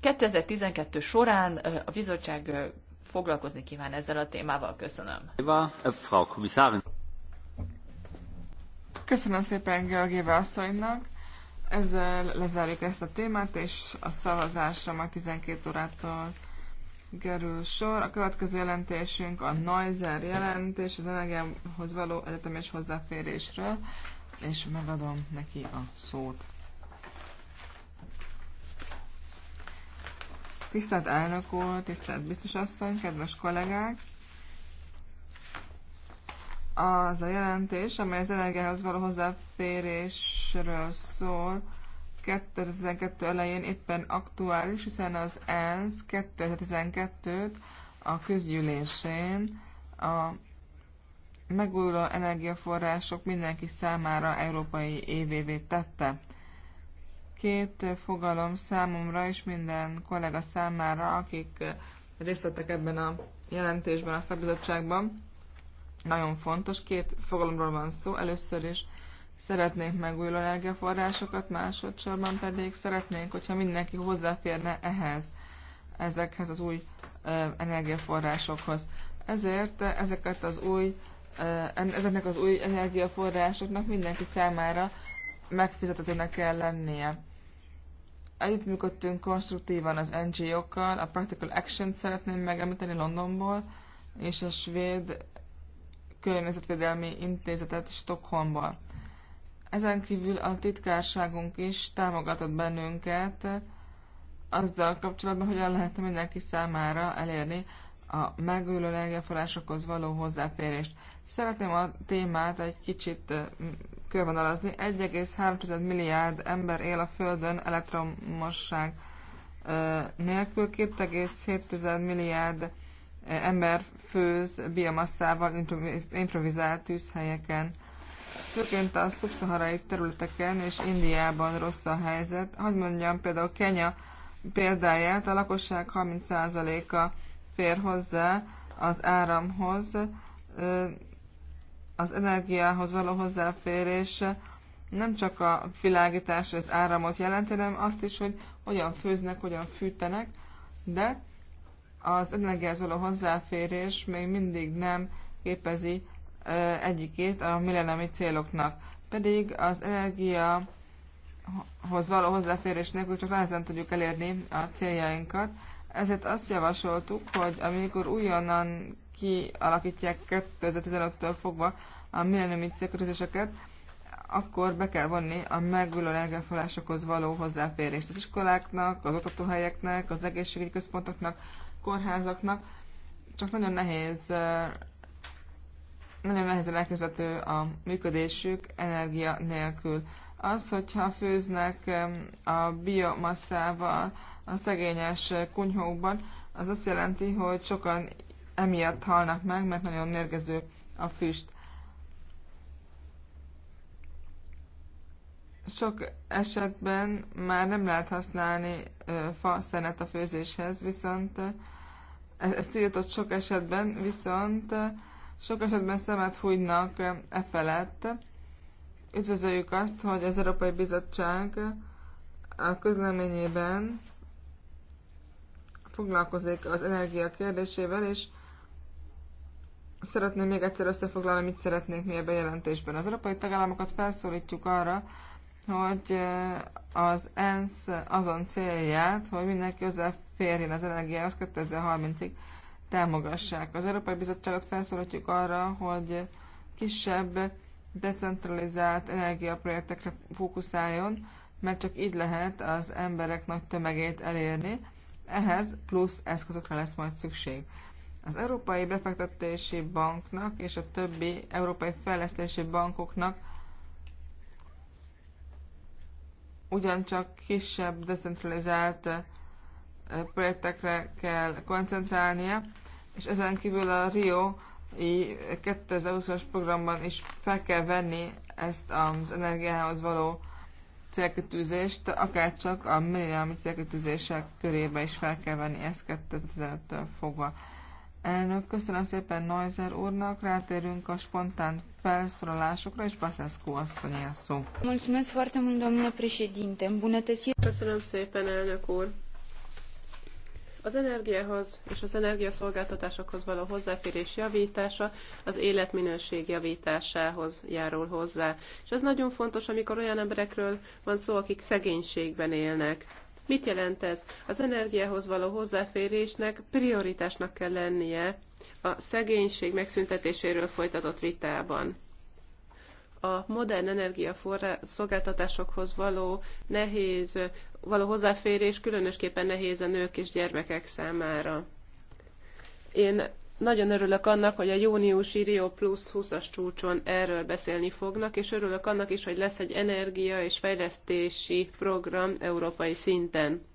2012 során a bizottság foglalkozni kíván ezzel a témával. Köszönöm. Köszönöm szépen Georgieva asszonynak. Ezzel lezárjuk ezt a témát, és a szavazásra majd 12 órától kerül sor. A következő jelentésünk a Neuser jelentés, az energiához való egyetemes hozzáférésről, és megadom neki a szót. Tisztelt elnök úr, tisztelt biztos asszony, kedves kollégák! Az a jelentés, amely az energiához való hozzáférésről szól, 2012 elején éppen aktuális, hiszen az ENSZ 2012-t a közgyűlésén a megújuló energiaforrások mindenki számára európai évévé tette két fogalom számomra és minden kollega számára, akik részt vettek ebben a jelentésben, a szakbizottságban. Nagyon fontos, két fogalomról van szó. Először is szeretnénk megújuló energiaforrásokat, másodszorban pedig szeretnénk, hogyha mindenki hozzáférne ehhez, ezekhez az új energiaforrásokhoz. Ezért ezeket az új, ezeknek az új energiaforrásoknak mindenki számára megfizethetőnek kell lennie. Együttműködtünk konstruktívan az NGO-kkal, a Practical Action-t szeretném megemlíteni Londonból, és a svéd környezetvédelmi intézetet Stockholmból. Ezen kívül a titkárságunk is támogatott bennünket azzal kapcsolatban, hogyan lehetne mindenki számára elérni a megújuló energiaforrásokhoz való hozzáférést. Szeretném a témát egy kicsit körvonalazni. 1,3 milliárd ember él a Földön elektromosság nélkül, 2,7 milliárd ember főz biomasszával improvizált tűzhelyeken. Főként a szubszaharai területeken és Indiában rossz a helyzet. Hogy mondjam például Kenya példáját, a lakosság 30%-a fér hozzá az áramhoz, az energiához való hozzáférés nem csak a világítás, az áramot jelenti, hanem azt is, hogy hogyan főznek, hogyan fűtenek, de az energiához való hozzáférés még mindig nem képezi egyikét a millenniumi céloknak. Pedig az energiahoz való hozzáférés nélkül csak nehezen tudjuk elérni a céljainkat, ezért azt javasoltuk, hogy amikor újonnan kialakítják 2015-től fogva a millenniumi célkötőzéseket, akkor be kell vonni a megújuló energiaforrásokhoz való hozzáférést az iskoláknak, az oktatóhelyeknek, az egészségügyi központoknak, kórházaknak. Csak nagyon nehéz, eh, nagyon nehezen elképzelhető a működésük energia nélkül. Az, hogyha főznek eh, a biomasszával, a szegényes kunyhókban, az azt jelenti, hogy sokan emiatt halnak meg, mert nagyon mérgező a füst. Sok esetben már nem lehet használni fa szenet a főzéshez, viszont e-, ez tiltott sok esetben, viszont sok esetben szemet fújnak e felett. Üdvözöljük azt, hogy az Európai Bizottság a közleményében foglalkozik az energia kérdésével, és szeretném még egyszer összefoglalni, mit szeretnék mi ebben a jelentésben. Az európai tagállamokat felszólítjuk arra, hogy eh, az ENSZ azon célját, hogy mindenki hozzáférjen az energiához 2030-ig támogassák. Az Európai Bizottságot felszólítjuk arra, hogy kisebb, decentralizált energiaprojektekre fókuszáljon, mert csak így lehet az emberek nagy tömegét elérni, ehhez plusz eszközökre lesz majd szükség. Az Európai Befektetési Banknak és a többi Európai Fejlesztési Bankoknak ugyancsak kisebb, decentralizált projektekre kell koncentrálnia, és ezen kívül a Rio 2020-as programban is fel kell venni ezt az energiához való célkitűzést, akár csak a millenámi célkitűzések körébe is fel kell venni ezt 2015-től fogva. Elnök, köszönöm szépen Neuser úrnak, rátérünk a spontán felszólalásokra, és Baszeszkó asszony a szó. Köszönöm szépen, elnök úr! Az energiához és az energiaszolgáltatásokhoz való hozzáférés javítása az életminőség javításához járul hozzá. És ez nagyon fontos, amikor olyan emberekről van szó, akik szegénységben élnek. Mit jelent ez? Az energiához való hozzáférésnek prioritásnak kell lennie a szegénység megszüntetéséről folytatott vitában a modern energiaforrás szolgáltatásokhoz való nehéz, való hozzáférés különösképpen nehéz a nők és gyermekek számára. Én nagyon örülök annak, hogy a júniusi Rio Plus 20-as csúcson erről beszélni fognak, és örülök annak is, hogy lesz egy energia és fejlesztési program európai szinten.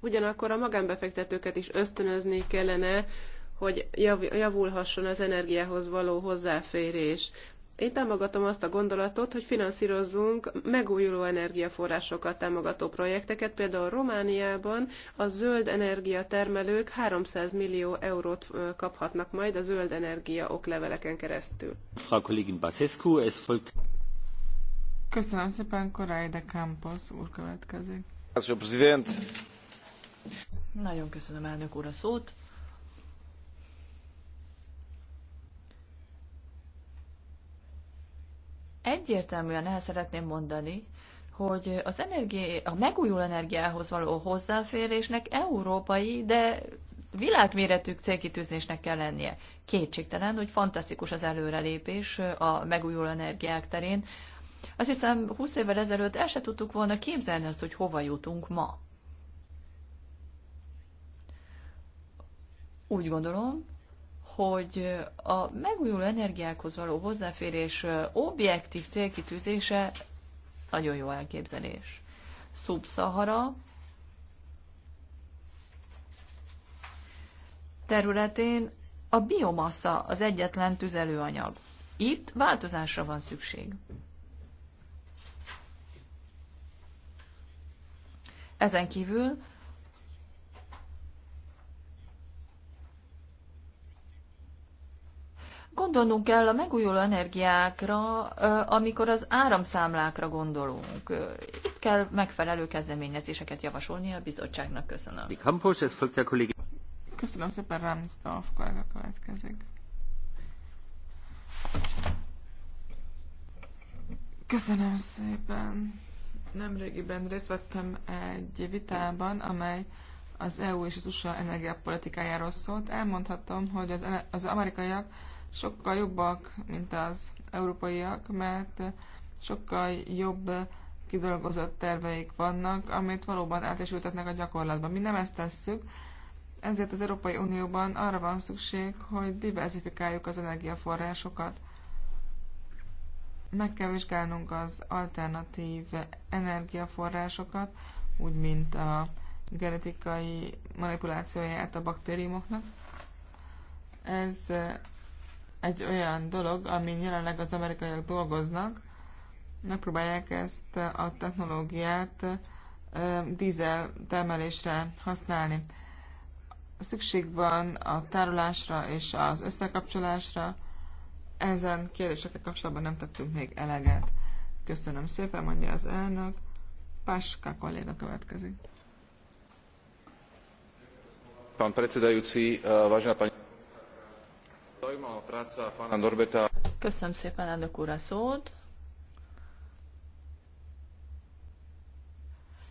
Ugyanakkor a magánbefektetőket is ösztönözni kellene, hogy javulhasson az energiához való hozzáférés. Én támogatom azt a gondolatot, hogy finanszírozzunk megújuló energiaforrásokat támogató projekteket, például Romániában a zöld energiatermelők 300 millió eurót kaphatnak majd a zöld energia okleveleken keresztül. Köszönöm szépen, Korai de Campos úr következik. Nagyon köszönöm elnök úr a szót. Egyértelműen el szeretném mondani, hogy az energia, a megújuló energiához való hozzáférésnek európai, de világméretű célkitűzésnek kell lennie. Kétségtelen, hogy fantasztikus az előrelépés a megújuló energiák terén. Azt hiszem, 20 évvel ezelőtt el se tudtuk volna képzelni azt, hogy hova jutunk ma. Úgy gondolom, hogy a megújuló energiákhoz való hozzáférés objektív célkitűzése nagyon jó elképzelés. Szubszahara területén a biomassa az egyetlen tüzelőanyag. Itt változásra van szükség. Ezen kívül gondolnunk kell a megújuló energiákra, amikor az áramszámlákra gondolunk. Itt kell megfelelő kezdeményezéseket javasolni a bizottságnak. Köszönöm. Köszönöm szépen, Ramsdorf kollega következik. Köszönöm szépen. Nemrégiben részt vettem egy vitában, amely az EU és az USA energiapolitikájáról szólt, elmondhatom, hogy az, az amerikaiak sokkal jobbak, mint az európaiak, mert sokkal jobb kidolgozott terveik vannak, amit valóban át is ültetnek a gyakorlatban. Mi nem ezt tesszük, ezért az Európai Unióban arra van szükség, hogy diversifikáljuk az energiaforrásokat. Meg kell vizsgálnunk az alternatív energiaforrásokat, úgy mint a genetikai manipulációját a baktériumoknak. Ez eh, egy olyan dolog, amin jelenleg az amerikaiak dolgoznak, megpróbálják ezt eh, a technológiát eh, dízel termelésre használni. Szükség van a tárolásra és az összekapcsolásra, ezen kérdésekkel kapcsolatban nem tettünk még eleget. Köszönöm szépen, mondja az elnök. Páska kolléga következik. E, zaujímavá práca pána Norberta. Köszönöm szépen, szót.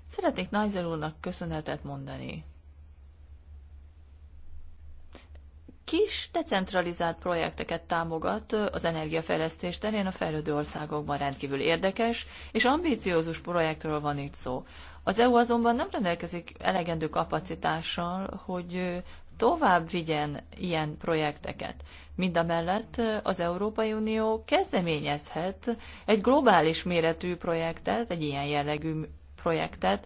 Szeretnék Nigel úrnak köszönetet mondani. kis, decentralizált projekteket támogat az energiafejlesztés terén a fejlődő országokban rendkívül érdekes és ambíciózus projektről van itt szó. Az EU azonban nem rendelkezik elegendő kapacitással, hogy tovább vigyen ilyen projekteket. Mindamellett az Európai Unió kezdeményezhet egy globális méretű projektet, egy ilyen jellegű projektet,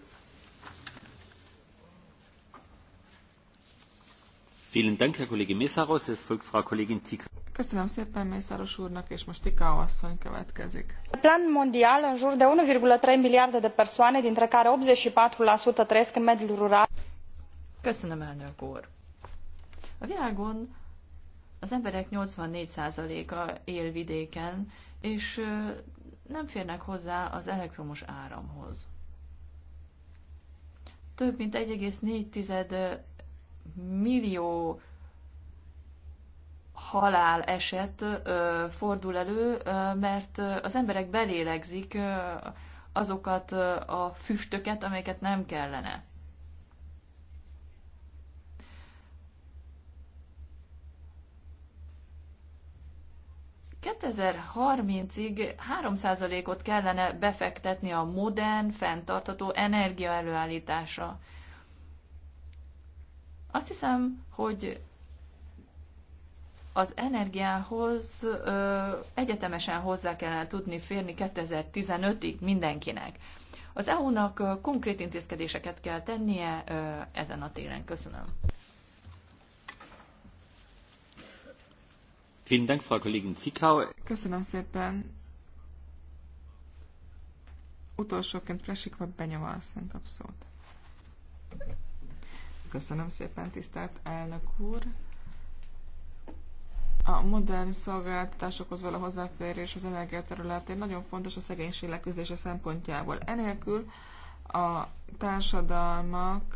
Köszönöm szépen Mészáros úrnak, és most Tikao asszony következik. Plan mondial, în jur de 1,3 milliárd de persoane, dintre care 84% trăiesc în mediul rural. Köszönöm, elnök úr. A világon az emberek 84%-a él vidéken, és nem férnek hozzá az elektromos áramhoz. Több mint 1,4 millió halál eset ö, fordul elő, ö, mert az emberek belélegzik ö, azokat ö, a füstöket, amelyeket nem kellene. ...2030-ig 3%-ot kellene befektetni a modern, fenntartható energiaelőállításra. Azt hiszem, hogy az energiához ö, egyetemesen hozzá kellene tudni férni 2015-ig mindenkinek. Az EU-nak konkrét intézkedéseket kell tennie ö, ezen a téren. Köszönöm. Köszönöm szépen. Utolsóként Fresikva Benyava asszony kap szót. Köszönöm szépen, tisztelt elnök úr! A modern szolgáltatásokhoz való hozzáférés az energiaterületén nagyon fontos a szegénység leküzdése szempontjából. Enélkül a társadalmak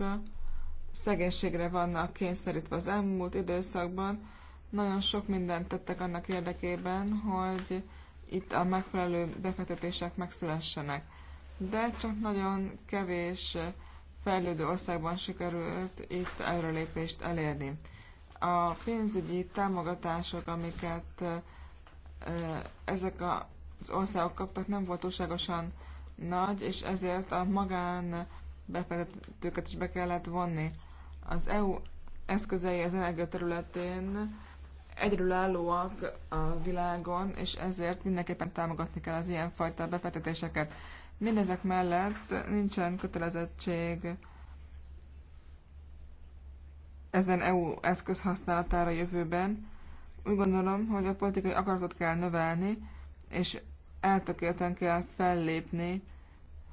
szegénységre vannak kényszerítve az elmúlt időszakban. Nagyon sok mindent tettek annak érdekében, hogy itt a megfelelő befektetések megszülessenek. De csak nagyon kevés fejlődő országban sikerült itt előrelépést elérni. A pénzügyi támogatások, amiket ezek az országok kaptak, nem volt túlságosan nagy, és ezért a magán befektetőket is be kellett vonni. Az EU eszközei az energia területén egyről állóak a világon, és ezért mindenképpen támogatni kell az ilyenfajta befektetéseket. Mindezek mellett nincsen kötelezettség ezen EU eszköz használatára jövőben. Úgy gondolom, hogy a politikai akaratot kell növelni, és eltökélten kell fellépni,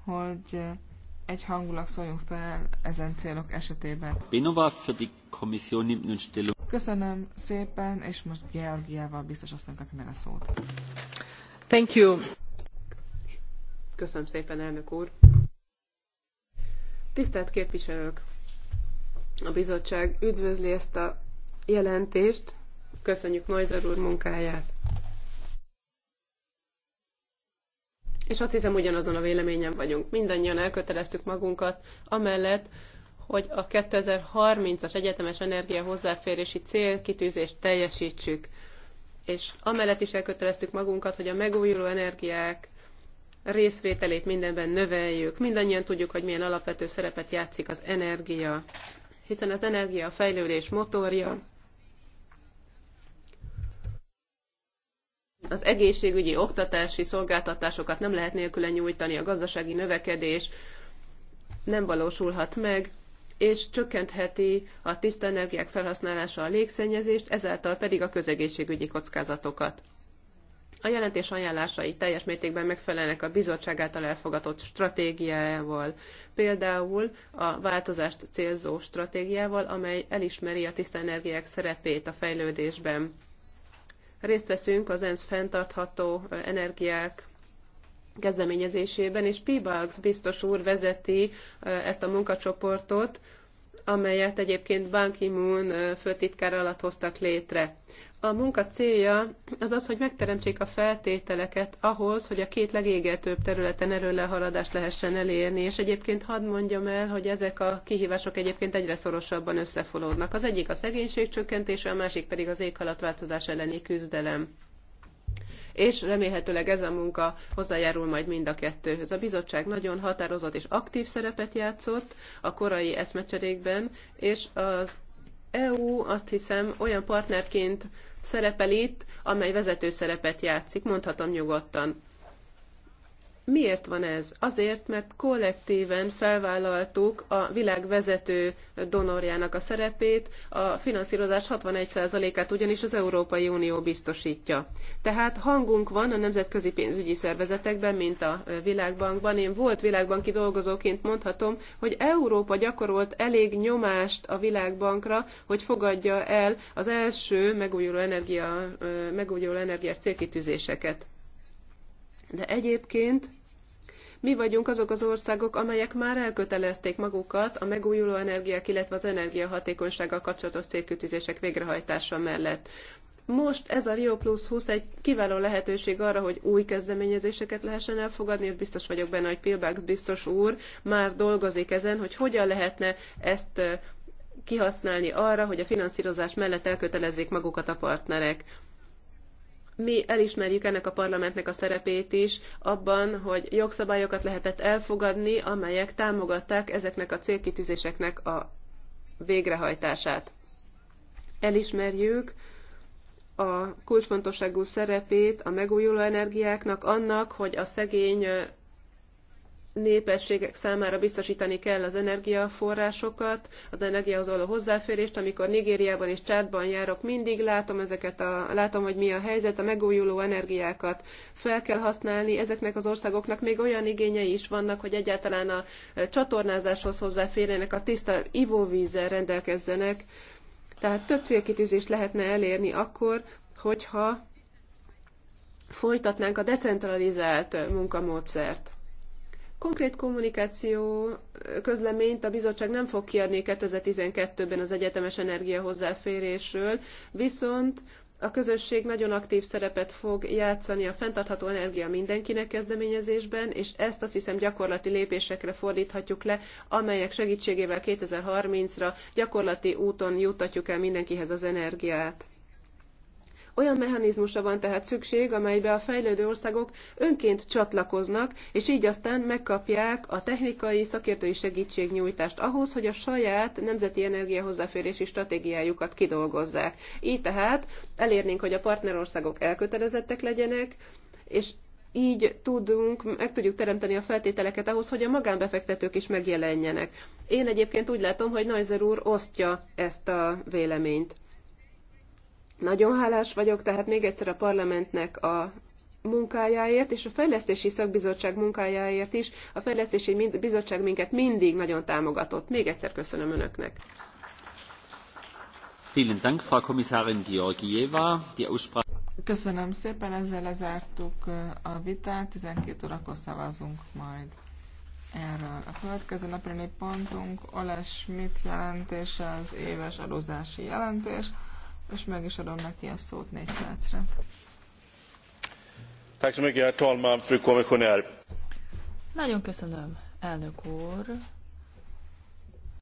hogy egy hangulag szóljunk fel ezen célok esetében. Benova für die Kommission nimmt nun Stellung. Köszönöm szépen, és most Georgiával biztos azt meg a szót. Thank you. Köszönöm szépen, elnök úr. Tisztelt képviselők! A bizottság üdvözli ezt a jelentést. Köszönjük Noizer úr munkáját. És azt hiszem, ugyanazon a véleményen vagyunk. Mindannyian elköteleztük magunkat, amellett, hogy a 2030-as egyetemes energia hozzáférési célkitűzést teljesítsük. És amellett is elköteleztük magunkat, hogy a megújuló energiák részvételét mindenben növeljük. Mindannyian tudjuk, hogy milyen alapvető szerepet játszik az energia, hiszen az energia a fejlődés motorja, az egészségügyi, oktatási szolgáltatásokat nem lehet nélküle nyújtani, a gazdasági növekedés nem valósulhat meg, és csökkentheti a tiszta energiák felhasználása a légszennyezést, ezáltal pedig a közegészségügyi kockázatokat. A jelentés ajánlásai teljes mértékben megfelelnek a bizottság által elfogadott stratégiájával, például a változást célzó stratégiával, amely elismeri a tiszta energiák szerepét a fejlődésben. Részt veszünk az ENSZ fenntartható energiák kezdeményezésében, és Pibalks biztos úr vezeti eh, ezt a munkacsoportot, amelyet egyébként Ban Ki-moon eh, főtitkár alatt hoztak létre. A munka célja az az, hogy megteremtsék a feltételeket ahhoz, hogy a két legégetőbb területen előrehaladást lehessen elérni, és egyébként hadd mondjam el, hogy ezek a kihívások egyébként egyre szorosabban összefolódnak. Az egyik a szegénység csökkentése, a másik pedig az éghalatváltozás elleni küzdelem és remélhetőleg ez a munka hozzájárul majd mind a kettőhöz. A bizottság nagyon határozott és aktív szerepet játszott a korai eszmecserékben, és az EU azt hiszem olyan partnerként szerepel itt, amely vezető szerepet játszik, mondhatom nyugodtan. Miért van ez? Azért, mert kollektíven felvállaltuk a világ vezető donorjának a szerepét, a finanszírozás 61%-át ugyanis az Európai Unió biztosítja. Tehát hangunk van a nemzetközi pénzügyi szervezetekben, mint a Világbankban. Én volt világbanki dolgozóként mondhatom, hogy Európa gyakorolt elég nyomást a Világbankra, hogy fogadja el az első megújuló, energia, megújuló energiás célkitűzéseket. De egyébként mi vagyunk azok az országok, amelyek már elkötelezték magukat a megújuló energiák, illetve az energiahatékonysággal kapcsolatos célkütőzések végrehajtása mellett. Most ez a Rio Plus 20 egy kiváló lehetőség arra, hogy új kezdeményezéseket lehessen elfogadni, és biztos vagyok benne, hogy Pilbax biztos úr már dolgozik ezen, hogy hogyan lehetne ezt kihasználni arra, hogy a finanszírozás mellett elkötelezzék magukat a partnerek mi elismerjük ennek a parlamentnek a szerepét is abban, hogy jogszabályokat lehetett elfogadni, amelyek támogatták ezeknek a célkitűzéseknek a végrehajtását. Elismerjük a kulcsfontosságú szerepét a megújuló energiáknak, annak, hogy a szegény népességek számára biztosítani kell az energiaforrásokat, az energiához való hozzáférést. Amikor Nigériában és Csádban járok, mindig látom ezeket a, látom, hogy mi a helyzet, a megújuló energiákat fel kell használni. Ezeknek az országoknak még olyan igényei is vannak, hogy egyáltalán a eh, csatornázáshoz hozzáférjenek, a tiszta ivóvízzel rendelkezzenek. Tehát több célkitűzést lehetne elérni akkor, hogyha folytatnánk a decentralizált munkamódszert. Konkrét kommunikáció közleményt a bizottság nem fog kiadni 2012-ben az egyetemes energia hozzáférésről, viszont a közösség nagyon aktív szerepet fog játszani a fenntartható energia mindenkinek kezdeményezésben, és ezt azt hiszem gyakorlati lépésekre fordíthatjuk le, amelyek segítségével 2030-ra gyakorlati úton juttatjuk el mindenkihez az energiát. Olyan mechanizmusa van tehát szükség, amelybe a fejlődő országok önként csatlakoznak, és így aztán megkapják a technikai, szakértői segítségnyújtást ahhoz, hogy a saját nemzeti energiahozzáférési stratégiájukat kidolgozzák. Így tehát elérnénk, hogy a partnerországok elkötelezettek legyenek, és így tudunk, meg tudjuk teremteni a feltételeket ahhoz, hogy a magánbefektetők is megjelenjenek. Én egyébként úgy látom, hogy Neuser úr osztja ezt a véleményt. Nagyon hálás vagyok tehát még egyszer a parlamentnek a munkájáért, és a Fejlesztési Szakbizottság munkájáért is. A Fejlesztési Bizottság minket mindig nagyon támogatott. Még egyszer köszönöm Önöknek. Köszönöm szépen, ezzel lezártuk uh, a vitát, 12 órakor szavazunk majd erről. A következő napi pontunk Oles Schmidt jelentése, az éves adózási jelentés és meg is adom neki a szót négy percre. Tack så mycket, herr talman, fru kommissionär. Nagyon köszönöm, elnök úr.